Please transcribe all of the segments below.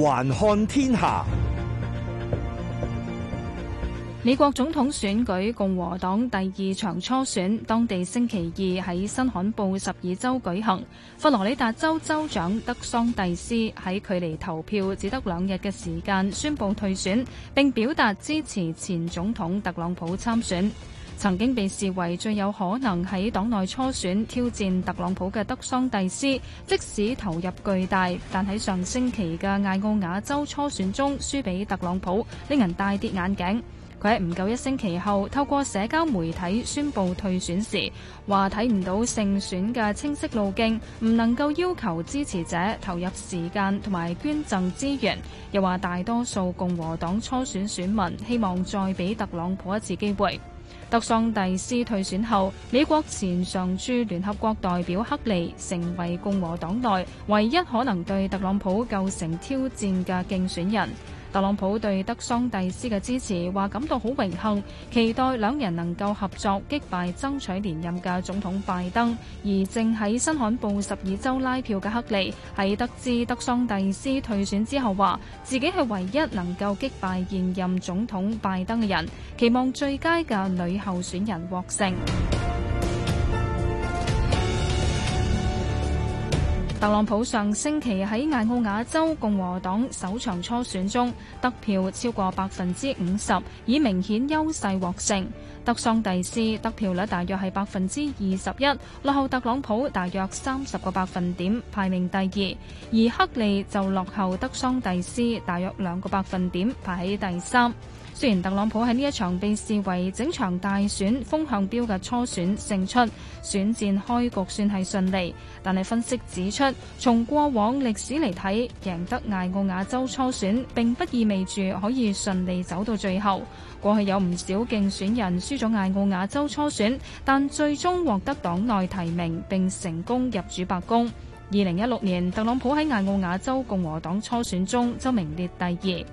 環看天下。美國總統選舉共和黨第二場初選，當地星期二喺新罕布什爾州舉行。佛羅里達州州長德桑蒂斯喺距離投票只得兩日嘅時間宣布退選，並表達支持前總統特朗普參選。曾經被視為最有可能喺黨內初選挑戰特朗普嘅德桑蒂斯，即使投入巨大，但喺上星期嘅艾奧瓦州初選中輸俾特朗普，令人大跌眼鏡。佢喺唔夠一星期後透過社交媒體宣布退選時，話睇唔到勝選嘅清晰路徑，唔能夠要求支持者投入時間同埋捐贈資源，又話大多數共和黨初選選民希望再俾特朗普一次機會。德桑蒂斯退選後，美國前常駐聯合國代表黑利成為共和黨內唯一可能對特朗普構成挑戰嘅競選人。特朗普對德桑蒂斯嘅支持，話感到好榮幸，期待兩人能夠合作擊敗爭取連任嘅總統拜登。而正喺新罕布什爾州拉票嘅黑利，喺得知德桑蒂斯退選之後說，話自己係唯一能夠擊敗現任總統拜登嘅人，期望最佳嘅女候選人獲勝。特朗普上星期喺艾奧瓦州共和黨首場初選中得票超過百分之五十，以明顯優勢獲勝。德桑蒂斯得票率大約係百分之二十一，落後特朗普大約三十個百分點，排名第二。而黑利就落後德桑蒂斯大約兩個百分點，排喺第三。雖然特朗普喺呢一場被視為整場大選風向標嘅初選勝出，選戰開局算係順利，但係分析指出，從過往歷史嚟睇，贏得艾奧瓦州初選並不意味住可以順利走到最後。過去有唔少競選人輸咗艾奧瓦州初選，但最終獲得黨內提名並成功入主白宮。二零一六年，特朗普喺艾奧瓦州共和黨初選中就名列第二。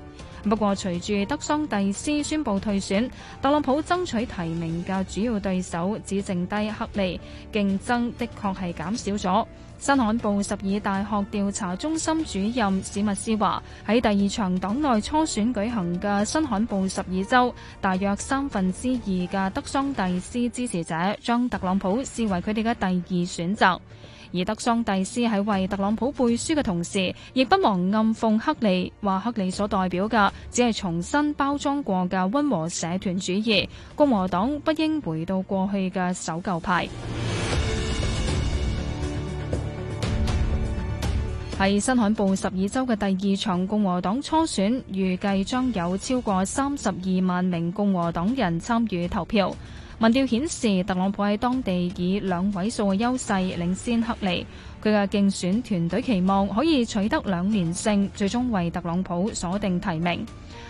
不過，隨住德桑蒂斯宣布退選，特朗普爭取提名嘅主要對手只剩低黑利，競爭的確係減少咗。新罕布什爾大學調查中心主任史密斯話：喺第二場黨內初選舉行嘅新罕布什爾州，大約三分之二嘅德桑蒂斯支持者將特朗普視為佢哋嘅第二選擇。而德桑蒂斯喺為特朗普背書嘅同時，亦不忘暗諷黑利，話黑利所代表嘅只係重新包裝過嘅溫和社團主義。共和黨不應回到過去嘅守舊派。喺新罕布什爾州嘅第二場共和黨初選，預計將有超過三十二萬名共和黨人參與投票。民調顯示，特朗普喺當地以兩位數嘅優勢領先黑利。佢嘅競選團隊期望可以取得兩連勝，最終為特朗普鎖定提名。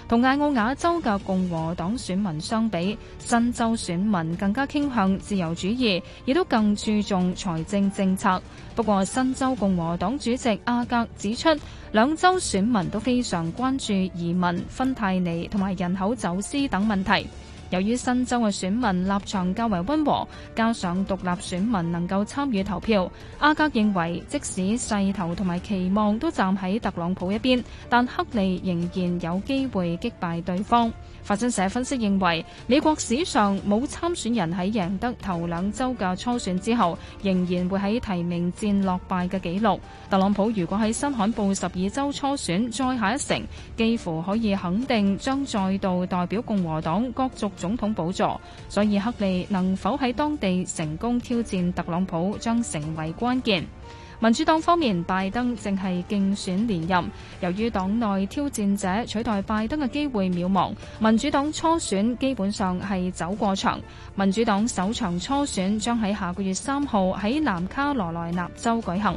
同艾奧瓦州嘅共和黨選民相比，新州選民更加傾向自由主義，亦都更注重財政政策。不過，新州共和黨主席阿格指出，兩州選民都非常關注移民、芬太尼同埋人口走私等問題。由於新州嘅選民立場較為溫和，加上獨立選民能夠參與投票，阿格認為即使勢頭同埋期望都站喺特朗普一邊，但黑利仍然有機會擊敗對方。法新社分析認為，美國史上冇參選人喺贏得頭兩州嘅初選之後，仍然會喺提名戰落敗嘅記錄。特朗普如果喺新罕布什爾州初選再下一城，幾乎可以肯定將再度代表共和黨角逐。總統補助，所以黑利能否喺當地成功挑戰特朗普，將成為關鍵。民主黨方面，拜登正係競選連任，由於黨內挑戰者取代拜登嘅機會渺茫，民主黨初選基本上係走過場。民主黨首場初選將喺下個月三號喺南卡羅來納州舉行。